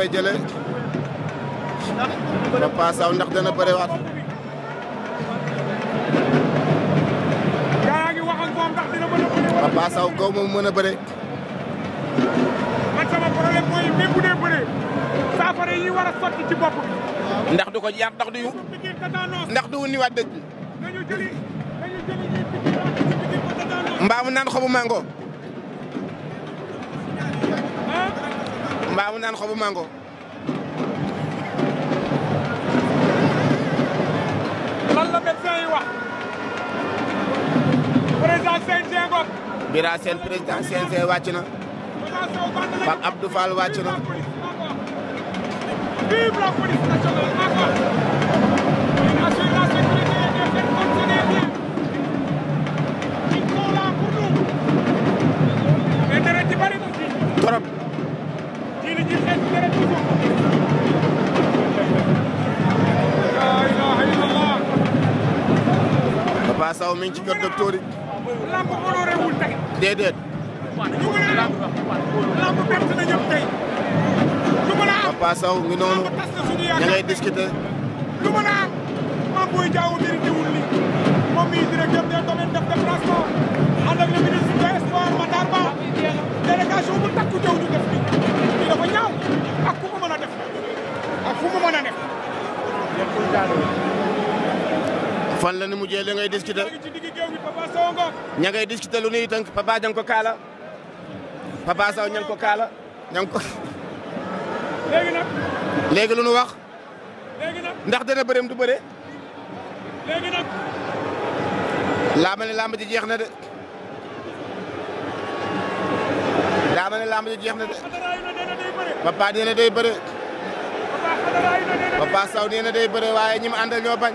fay jële Papa Sow ndax dana bëriwaat Papa Sow a bëre sotti ci bopp ndax du ko yar ndax du ndax du ni waat dëj bi mbaa mu naan mbaa mu naan xobu mango président CNG wàcc na Pape Abdou Fall wàcc na Papa Sow mi ngi ci kër docteur yi. lamb honorewul tey. déedéet. lamb noonu. ña ngay discuter. lu mën a am. Mame Boye Diao mérité wul lii. moom mii directeur des domaines def déplacement ànd mujjee li ngay discuter ña ngay discuter lu nuy tënk papa ña ngi ko kaala papa saw ña ko kaala ña ko léegi nag lu nu wax ndax dana bërëm du bëre léegi laa ma ne làmb ji jeex na de laa ma ne làmb jeex na de papa nee na day bëre papa saw nee na day bëre waaye ñi mu àndal ñoo bañ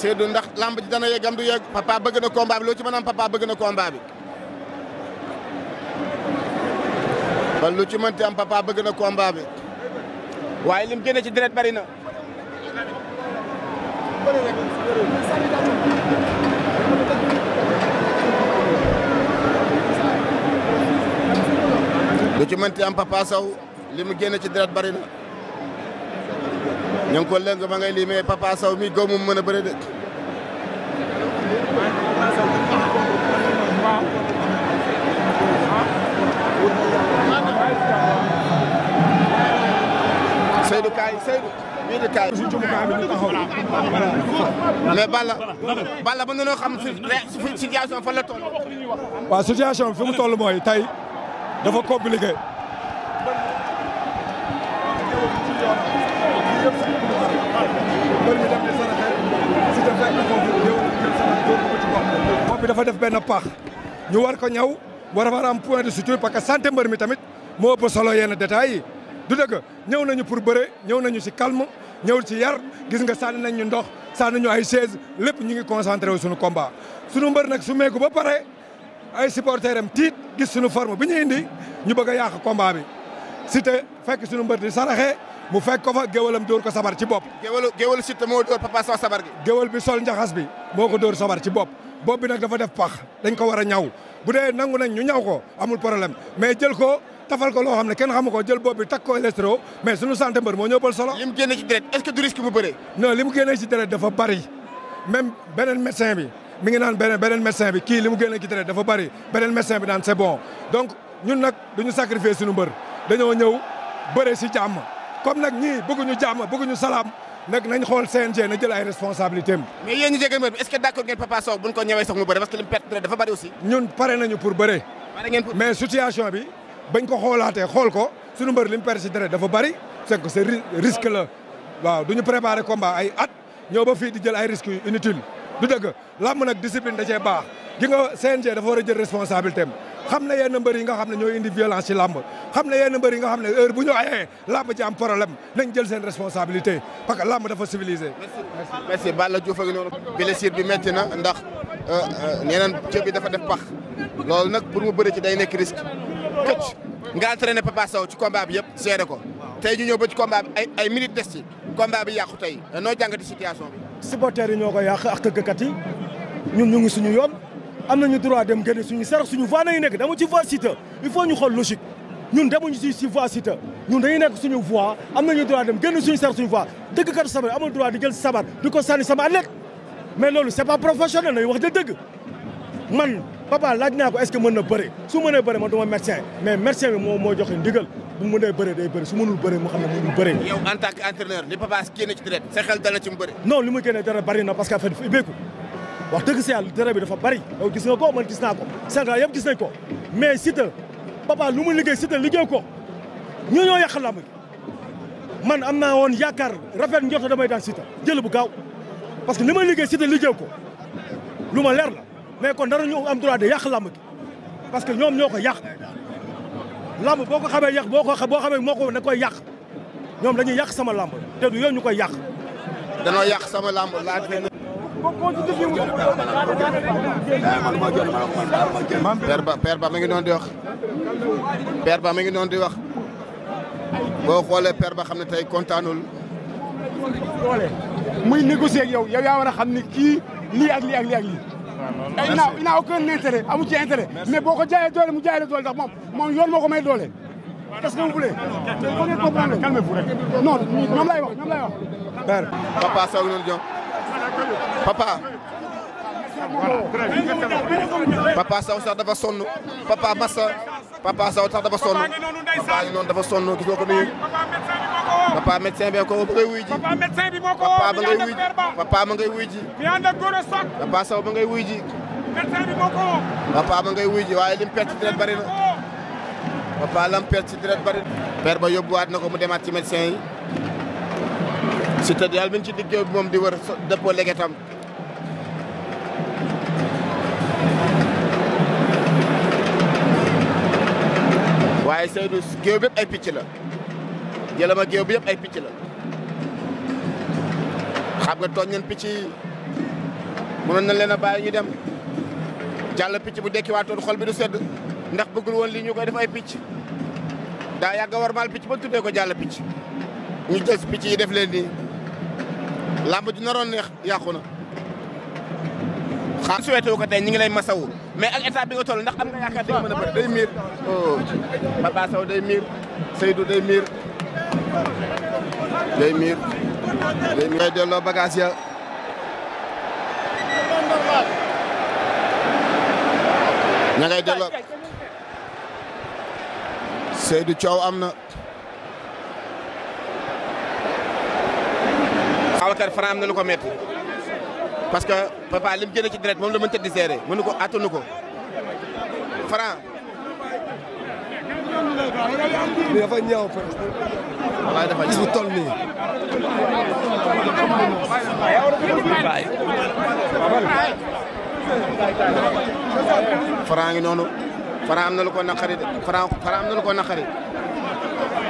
Seydou ndax lamb ji dana yeggam du yegg papa bëgg na combat bi ci mën a am papa bëgg na combat bi ci mënti am papa bëgg na combat bi waaye lim génne ci deret bari na lu ci mënti am papa Sow li mu génne ci deret bari na ña ngi ko lëng ma ngay lii mais Papa Sow mi gaw mën a bëre de. Seydou Kaay Seydou. mii di Kaay. mais Balla. Balla mën nañoo xam si situation la toll. waaw situation fi mu toll mooy tey dafa compliqué. dafa def benn paax ñu war ko ñaw war a war am point de suture parce que santé mbër mi tamit moo ëpp solo yenn détails yi. du dëgg ñëw nañu pour bëre ñëw nañu si calme ñëw ci yar gis nga sànni nañ ñu ndox sànni ñu ay chaise lépp ñu ngi concentré wu suñu combat suñu mbër nag su meeku ba pare ay supporteurs am tiit gis suñu forme bi ñu indi ñu bëgg a yàq combat bi Siteu fekk suñu mbër di saraxee mu fekk ko fa géwalam dóor ko sabar ci bopp. géwal géwal Siteu moo dóor Papa bi sol njaxas bi moo ko dóor sabar ci bopp. bopp bi nag dafa def pax dañ ko war a ñaw bu dee nangu nañ ñu ñaw ko amul problème mais jël ko tafal ko loo xam ne kenn xamu ko jël bopp bi takk ko électro mais suñu santé mbër moo ñëppal solo. li mu génnee ci deret est-ce que du risque mu dafa bari même beneen médecin bi mi ngi naan beneen beneen médecin bi kii li mu génnee ci deret dafa bari beneen médecin bi naan c'est bon donc ñun nag duñu sacrifier suñu mbër dañoo ñëw bëre ci jàmm comme nag ñii bëgguñu jàmm bëgguñu salaam. nag nañ xool CNG na jël ay responsabilité mais yéen ñi jege mbër bi est-ce que d'accord ngeen Papa Sow bu ñu ko ñëwee sax mu bëre parce que li mu dafa bari aussi. ñun pare nañu pour bëre. mais situation bi bañ ko xoolaatee xool ko suñu mbër li mu perte si dafa bari c'est que c'est la waaw du ñu préparer combat ay at ñëw ba fii di jël ay risques yu inutile du dëgg làmb nag discipline da cee baax gi nga CNG dafa war a jël responsabilité am xam na yenn mbër yi nga xam ne ñoo indi violence ci làmb xam na yenn mbër yi nga xam ne heure bu ñu ayee làmb ci am problème nañ jël seen responsabilité parce que làmb dafa civilisé. merci merci Balla Diouf ak noonu. blessure bi métti na ndax euh, euh, nee naan cëb bi dafa def pax loolu nag pour mu bëri ci day nekk risque. këcc nga entraîné Papa Sow ci combat bi yëpp seede ko tey ñu ñëw ba ci combat ay ay minutes des ci combat bi yàqu tey noo jàngati situation bi. supporters yi ñoo ko yàq ak tëggkat yi ñun ñu ngi suñu yoon. am nañu droit dem génne suñu sarax suñu voie nañu nekk dama ci voie Siteu il faut ñu xool logique ñun demuñu si si voie Siteu ñun dañuy nekk suñu voie am nañu droit dem génne suñu sarax suñu voie dëggkatu sabar amul droit di jël sabar di ko sànni sama atlet mais loolu c'est pas nañu wax de dëgg man papa laaj naa ko est-ce que mën na bëre su mënee bëre man duma médecin mais médecin bi moo moo joxe ndigal bu mënee bëre day bëre su mënul bëre mu dara bari na parce que affaire wax dëgg si yàlla dara bi dafa bari yow gis nga ko man gis naa ko Sénégal yëpp gis nañ ko mais Siteu papa lu mu liggéey Siteu liggéey ko ñoo ñoo yàq làmb gi man am na woon yaakaar rafet njorto damay daan Siteu jël bu gaaw parce que li may liggéey Siteu liggéey ko lu ma leer la mais kon dara ñu am droit de yàq làmb parce que ñoom ñoo ko yàq làmb boo ko xamee yàq boo ko boo xamee moo ko ne ko yàq ñoom dañuy yàq sama làmb te du yow ñu koy yàq danoo yàq sama làmb laa père ba père ba mi ngi doon di wax père ba mi ngi doon di wax boo xoolee père ba xam ne tey kontaanul. muy négocier ak yow yow yaa war a xam ni kii lii ak lii ak lii ak lii. Ah, il n'a il n'a aucun intérêt amu ci intérêt. mais boo ko jaayee doole mu jaayee la doole ndax moom moom yoon moo ko may doole. qu'est-ce que vous voulez. calmez-vous rek. non ñoom laay ñoom laay wax. Papa Sow noonu Diop. papa papa Sow sax dafa sonn papa Massa papa Sow sax dafa sonn papa ñu noonu dafa sonn gis nga ko nii papa médecin bi ko ba ngay wuy ji papa médecin bi moo ko papa ba ngay wuy ji papa ma ngay wuy ji papa Sow ma ngay wuy ji médecin bi moo ko papa ma ngay wuy ji waaye lim perte deret bari na papa lam perte deret bari na père ba yóbbuwaat na ko mu demaat ci médecin yi Siteu daal mi ngi ci digg bi moom di wër dëppoo legetam waaye Seydou géew bi yëpp ay picc la jëlama géew bi yëpp ay picc la xam nga tooñ picc yi mënoon nañ leen a bàyyi ñu dem jàll picc bu dekkiwaatoon xol bi du sedd ndax bëggul woon lii ñu koy def ay picc daa yàgg war warmaal picc ba tuddee ko jàll picc ñu jël picc yi def leen nii làmb ji naroon neex yàqu na. xaaral suwéetoo ko tey ñu ngi lay masawu. mais ak état bi nga toll ndax am nga yaakaar di nga mën a bëri day miir. Oh. Papa Sow day miir Seydou day miir. coow am na. Babacar Franc am na lu ko metti parce que papa li mu jëlee ci direct moom la mën tëdd seere mënu ko attanu ko Franc. mais dafa ñaaw presque. waaw dafa ngi noonu Franc am na lu ko naqari de Franc Franc am na lu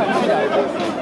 Thank you.